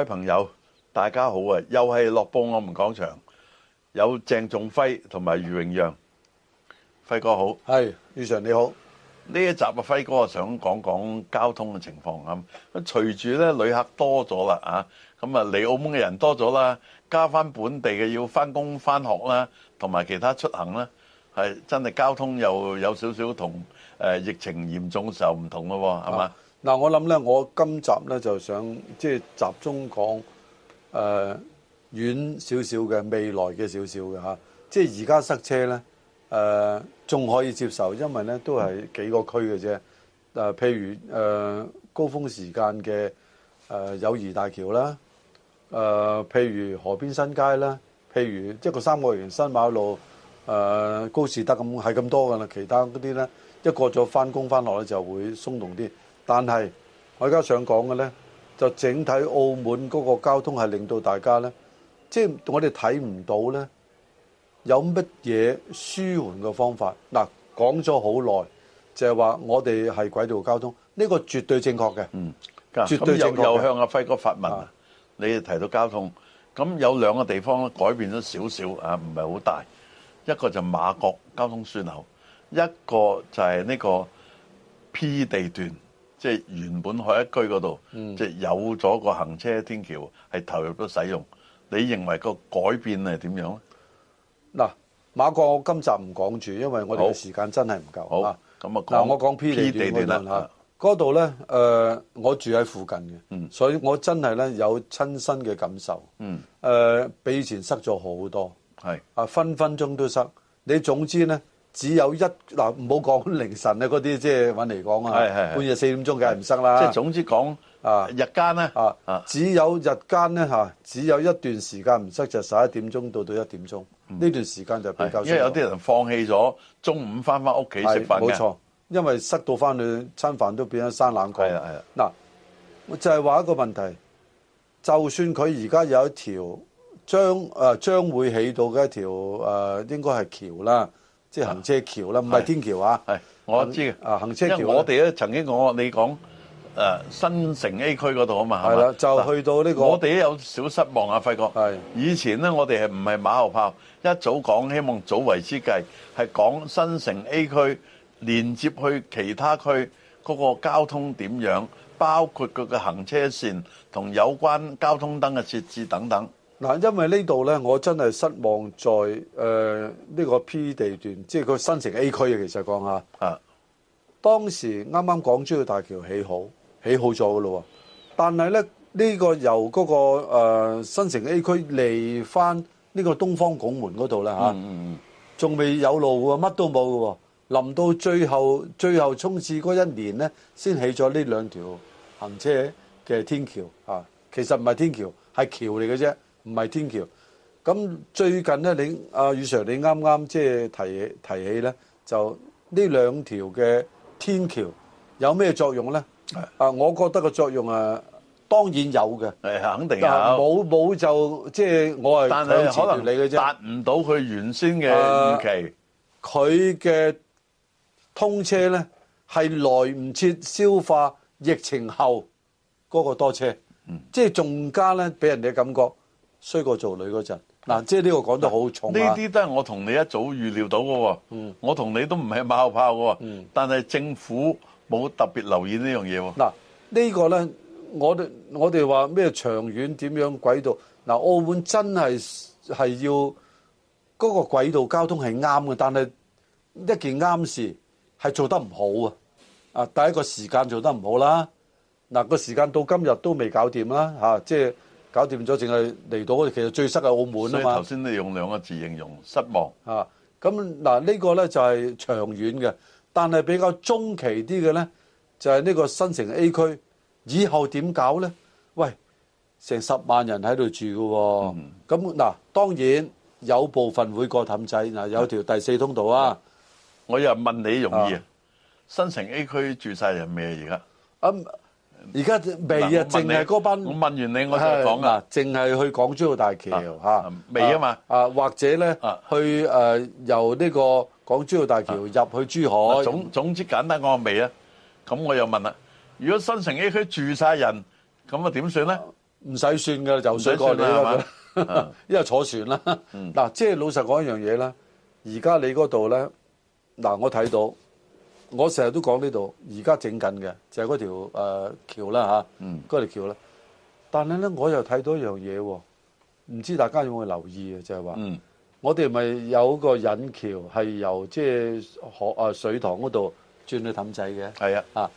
各位朋友，大家好啊！又係樂報我們講場，有鄭仲輝同埋余榮讓，輝哥好，係余 Sir 你好。呢一集啊，輝哥啊想講講交通嘅情況咁。咁隨住咧旅客多咗啦，啊咁啊嚟澳門嘅人多咗啦，加翻本地嘅要翻工翻學啦，同埋其他出行啦，係真係交通又有少少同誒疫情嚴重嘅時候唔同咯，係嘛、啊？嗱，我諗咧，我今集咧就想即係集中講誒、呃、遠少少嘅未來嘅少少嘅嚇，即係而家塞車咧誒仲可以接受，因為咧都係幾個區嘅啫。誒，譬如誒、呃、高峰時間嘅誒、呃、友誼大橋啦，誒譬如河邊新街啦，譬如即係個三個園新馬路誒、呃、高士德咁係咁多㗎啦，其他嗰啲咧一過咗翻工翻落咧就會鬆動啲。但係，我而家想講嘅呢，就整體澳門嗰個交通係令到大家呢，即係我哋睇唔到呢，有乜嘢舒緩嘅方法？嗱，講咗好耐，就係話我哋係軌道交通，呢個絕對正確嘅。嗯，絕對正確又。又向阿輝哥發問，啊、你提到交通，咁有兩個地方改變咗少少啊，唔係好大。一個就馬國交通樞紐，一個就係呢個 P 地段。即係原本海一居嗰度，即係、嗯、有咗個行車天橋，係投入咗使用。你認為個改變係點樣咧？嗱，馬國我今集唔講住，因為我哋時間真係唔夠啊。咁啊，嗱，我講說 P, P 地段嗰度呢，嗰度咧，誒、呃，我住喺附近嘅，嗯、所以我真係咧有親身嘅感受。誒、嗯呃，比以前塞咗好多，是啊，分分鐘都塞。你總之咧。只有一嗱，唔好講凌晨咧，嗰啲即係揾嚟講啊。係係係，半夜四點鐘梗係唔塞啦。即係、就係、總之講啊，日間咧、啊、只有日間咧、啊、只有一段時間唔塞，就十一點鐘到到一點鐘呢段時間就比較。因為有啲人放棄咗中午翻翻屋企食飯嘅。冇錯，因為塞到翻去餐飯都變咗生冷㗎。係啊係啊。嗱，就係、係、話一個問題，就算佢而家有一條將啊將會起到嘅一條誒、呃，應該係橋啦。即係行車橋啦，唔係天橋啊！係，我知嘅。啊，行車橋。因為我哋咧曾經講，你講誒新城 A 區嗰度啊嘛，係啦，就去到呢個。我哋咧有少失望啊，輝哥。係。以前咧，我哋係唔係馬後炮？一早講希望早為之計，係講新城 A 區連接去其他區嗰個交通點樣，包括佢嘅行車線同有關交通燈嘅設置等等。嗱，因為呢度呢，我真係失望在誒呢個 P 地段，即係個，個新城 A 區啊。其實講下，啊，當時啱啱港珠澳大橋起好，起好咗嘅咯喎，但係呢，呢個由嗰個新城 A 區嚟翻呢個東方拱門嗰度呢，嚇，仲未有路喎，乜都冇嘅喎。臨到最後最後衝刺嗰一年呢，先起咗呢兩條行車嘅天橋，其實唔係天橋，係橋嚟嘅啫。唔係天橋，咁最近咧，你阿余 Sir，你啱啱即係提提起咧，就呢兩條嘅天橋有咩作用咧？啊，我覺得個作用啊，當然有嘅，係肯定有。冇冇就即係我係可能你嘅啫，達唔到佢原先嘅預期。佢嘅通車咧係來唔切消化疫情後嗰個多車，即係仲加咧俾人哋嘅感覺，衰過做女嗰陣，嗱、啊，即係呢個講得好重、啊。呢啲都係我同你一早預料到嘅，我同你都唔係馬後炮嘅，但係政府冇特別留意呢樣嘢。嗱，呢個咧，我我哋話咩長遠點樣軌道？嗱、啊，澳門真係係要嗰個軌道交通係啱嘅，但係一件啱事係做得唔好啊！啊，第一個時間做得唔好啦，嗱、啊、個時間到今日都未搞掂啦，吓、啊，即、啊、係。就是搞掂咗，淨係嚟到，其實最塞係澳門啊嘛。所以頭先你用兩個字形容失望。啊，咁嗱呢個咧就係長遠嘅，但係比較中期啲嘅咧，就係呢個新城 A 區以後點搞咧？喂，成十萬人喺度住㗎喎。咁嗱，當然有部分會過氹仔嗱，有條第四通道啊。我又問你容易啊？新城 A 區住曬人咩而家？而家未啊，淨係嗰班。我問完你，我就講啊，淨係去港珠澳大橋吓，未啊嘛？啊或者咧，去誒由呢個港珠澳大橋入去珠海。總總之簡單講，未啊？咁我又問啦，如果新城 A 區住晒人，咁啊點算咧？唔使算噶，游水過嚟啊嘛，因為坐船啦。嗱，即係老實講一樣嘢啦，而家你嗰度咧，嗱我睇到。我成日都講呢度，而家整緊嘅就係嗰條誒橋啦吓，嗰條橋啦。但係咧，我又睇到一樣嘢，唔知大家有冇留意啊，就係話，嗯、我哋咪有個引橋係由即係河水塘嗰度轉去氹仔嘅。係啊，啊，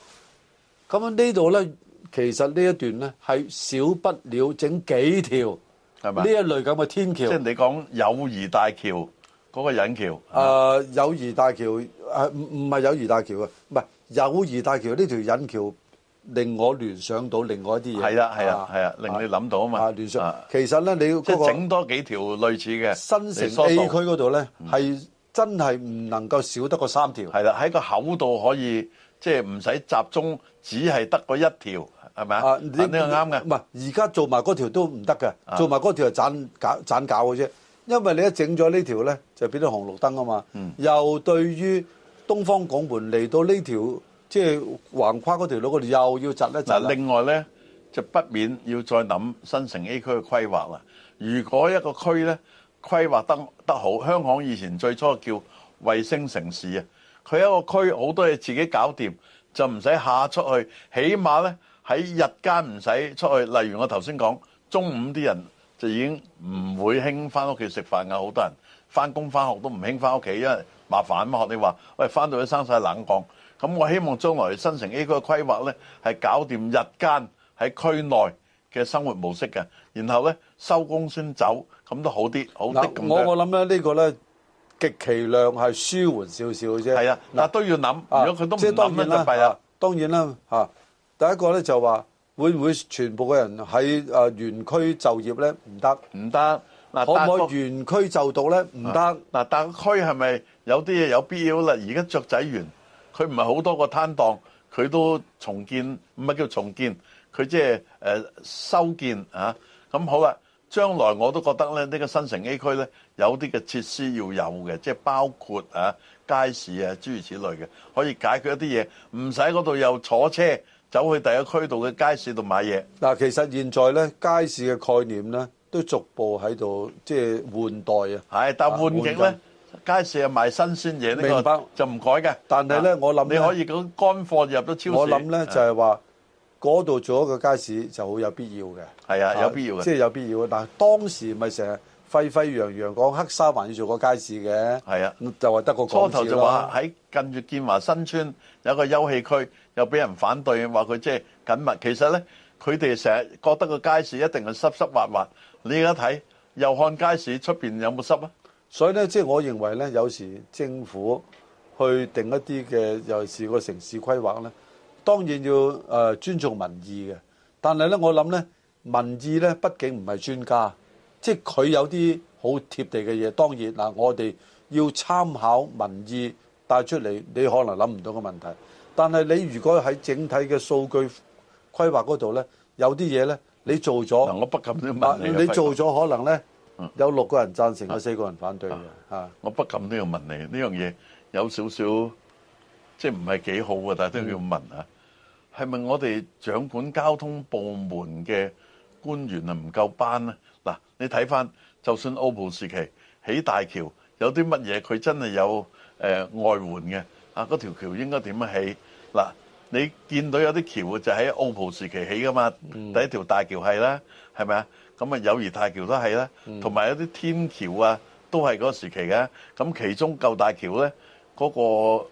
咁樣呢度咧，其實呢一段咧係少不了整幾條，係咪呢一類咁嘅天橋。即係你講友誼大橋嗰個引橋。誒，友誼大橋。誒唔唔係友誼大橋啊，唔係友誼大橋，呢條引橋令我聯想到另外一啲嘢。係啦，係啊，係啦、啊啊啊，令你諗到嘛啊嘛。聯想、啊、其實咧，啊、你即整多幾條類似嘅新城 A 區嗰度咧，係真係唔能夠少得過三條。係啦、啊，喺個口度可以即係唔使集中，只係得嗰一條，係咪啊？呢啱嘅。唔係而家做埋嗰條都唔得嘅，做埋嗰條係盞搞盞搞嘅啫。因為你一整咗呢條咧，就變咗紅綠燈啊嘛。嗯、又對於東方港門嚟到呢條即係橫跨嗰條路，我哋又要窒一窒。另外呢，就不免要再諗新城 A 區嘅規劃啦。如果一個區呢規劃得得好，香港以前最初叫衛星城市啊，佢一個區好多嘢自己搞掂，就唔使下出去。起碼呢，喺日間唔使出去。例如我頭先講，中午啲人就已經唔會興翻屋企食飯噶，好多人翻工翻學都唔興翻屋企，因為麻煩咁學你話，喂返到去生晒冷降。咁我希望將來新城 A 區嘅規劃咧，係搞掂日間喺區內嘅生活模式嘅，然後咧收工先走，咁都好啲，好啲咁、呃。我我諗咧呢個咧極其量係舒緩少少啫。係啊，嗱、呃、都要諗，如果佢都唔諗咧就弊啦、啊。當然啦、啊，第一個咧就話會唔會全部嘅人喺誒園區就業咧？唔得，唔得。嗱，可唔可以原區就到咧？唔得、啊。嗱單，但、啊、區係咪有啲嘢有必要啦？而家雀仔園，佢唔係好多個攤檔，佢都重建，唔係叫重建，佢即係誒修建啊。咁好啦，將來我都覺得咧，呢個新城 A 區咧，有啲嘅設施要有嘅，即係包括啊街市啊諸如此類嘅，可以解決一啲嘢，唔使嗰度又坐車走去第一區度嘅街市度買嘢。嗱、啊，其實現在咧街市嘅概念咧。都逐步喺度即係換代啊！係，但係換景咧，街市係賣新鮮嘢呢個就唔改嘅。但係咧，我諗你可以講乾貨入到超市。我諗咧就係話，嗰度做一個街市就好有必要嘅。係啊，有必要嘅，即係有必要嘅。但係當時咪成日沸沸揚揚講黑沙環要做個街市嘅。係啊，就話得個。初頭就話喺近越建華新村有個休憩區，又俾人反對話佢即係緊密。其實咧。佢哋成日覺得個街市一定係濕濕滑滑，你而家睇又看街市出邊有冇濕啊？所以咧，即係我認為咧，有時政府去定一啲嘅，尤其是個城市規劃咧，當然要誒、呃、尊重民意嘅。但係咧，我諗咧，民意咧畢竟唔係專家，即係佢有啲好貼地嘅嘢。當然嗱、呃，我哋要參考民意帶出嚟，你可能諗唔到個問題。但係你如果喺整體嘅數據，規劃嗰度咧，有啲嘢咧，你做咗，嗱，我不禁都要問你，你做咗可能咧，有六個人贊成，有、嗯、四個人反對嘅，嚇、嗯，我不禁都要問你，呢樣嘢有少少，即係唔係幾好嘅，但係都要問啊，係咪、嗯、我哋掌管交通部門嘅官員啊唔夠班咧？嗱，你睇返，就算澳葡時期起大橋，有啲乜嘢佢真係有誒外援嘅，啊，嗰條橋應該點樣起？嗱。你見到有啲橋就喺澳葡時期起噶嘛，第一條大橋係啦，係咪啊？咁啊，友誼大橋都係啦，同埋有啲天橋啊，都係嗰個時期嘅。咁其中舊大橋呢，嗰個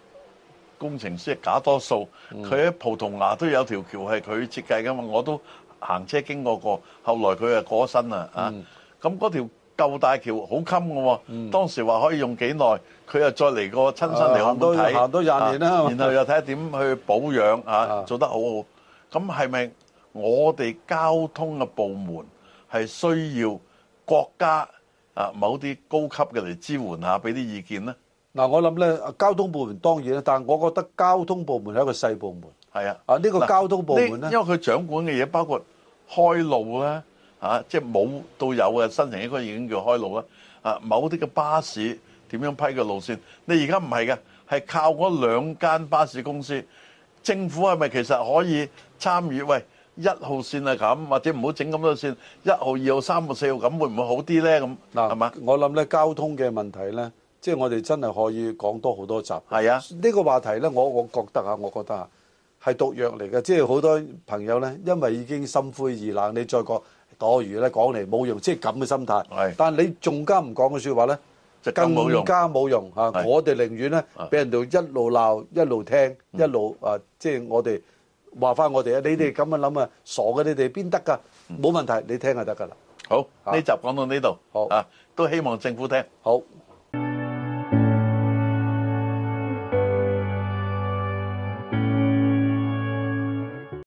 工程師係假多數，佢喺葡萄牙都有條橋係佢設計噶嘛，我都行車經過過。後來佢啊過身啦啊，咁嗰條。舊大橋好襟嘅，當時話可以用幾耐，佢又再嚟個親身嚟澳門睇，行多廿看年啦、啊，然後又睇下點去保養啊，啊做得好好。咁係咪我哋交通嘅部門係需要國家啊某啲高級嘅嚟支援下，俾啲意見咧？嗱、啊，我諗咧，交通部門當然啦，但係我覺得交通部門係一個細部門。係啊，啊呢、這個交通部門咧、啊，因為佢掌管嘅嘢包括開路呢。嚇，即係冇到有嘅，新城應該已經叫開路啦。啊，某啲嘅巴士點樣批個路線？你而家唔係嘅，係靠嗰兩間巴士公司。政府係咪其實可以參與？喂，一號線係咁，或者唔好整咁多線，一號、二號、三號、四號咁，會唔會好啲呢？咁嗱，係嘛？我諗呢，交通嘅問題呢，即係我哋真係可以講多好多集。係啊，呢個話題呢，我我覺得啊，我覺得啊，係毒藥嚟嘅。即係好多朋友呢，因為已經心灰意冷，你再講。多餘咧講嚟冇用，即係咁嘅心態。但係你仲加唔講嘅説話咧，就更加冇用嚇。我哋寧願咧，俾人哋一路鬧一路聽，一路啊，即係我哋話返我哋啊，你哋咁樣諗啊，傻嘅你哋邊得㗎？冇問題，你聽就得㗎啦。好，呢集講到呢度，啊，都希望政府聽好。